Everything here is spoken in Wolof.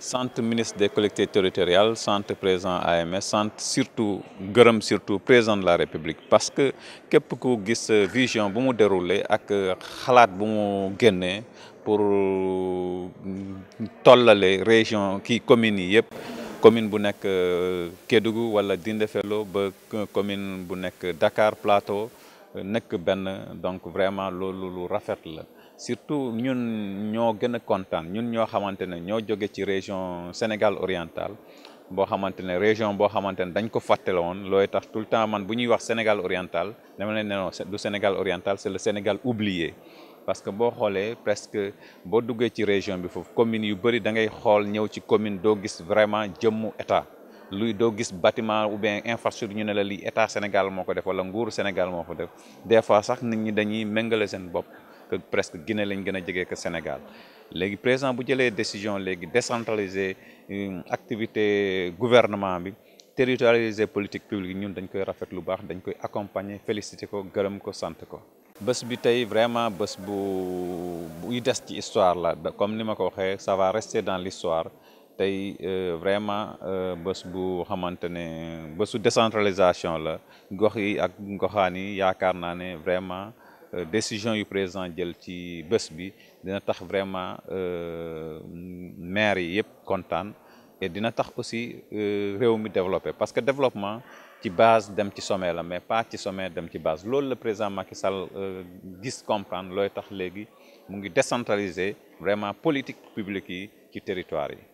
centre ministre des collectivités territoriales centre président AMS centre surtout gërëm surtout président de la république parce que a vu cette vision bu mu déroulé que a bu pour régions euh, région qui communes yi commune bu nekk euh, Kédougou wala Dindéfelo ba commune bu Dakar Plateau nek ben donc vraiment loolu lu rafet la surtout ñun ño gëna content ñun ño xamantene ño joggé ci région Sénégal oriental bo xamantene région bo xamantene dañ ko fàttale woon loy tax tout le temps man bu wax Sénégal oriental dama leen du Sénégal oriental c'est le Sénégal oublié parce que bo xolé presque bo duggé ci région bi fofu commune yu bari da ngay xol ñew ci commune do gis vraiment jëmmu état luy do gis bâtiment infrastructure ne la état Sénégal def wala Sénégal def des fois sax ñi que presque Sénégal décentraliser euh, activité gouvernement bi territorialiser politique publique ñun dañ koy lu accompagner féliciter ko ko ko. bi vraiment bu histoire comme ça va rester dans l'histoire tay euh, vraiment euh, bés bu décentralisation la gox yi ak vraiment euh, décision yu président jël ci bi dina vraiment maire et dina tax aussi réew parce que développement ci base dem ci sommet la mais pas ci sommet dem ci base le président Macky Sall comprendre loy tax décentraliser vraiment politique publique territoire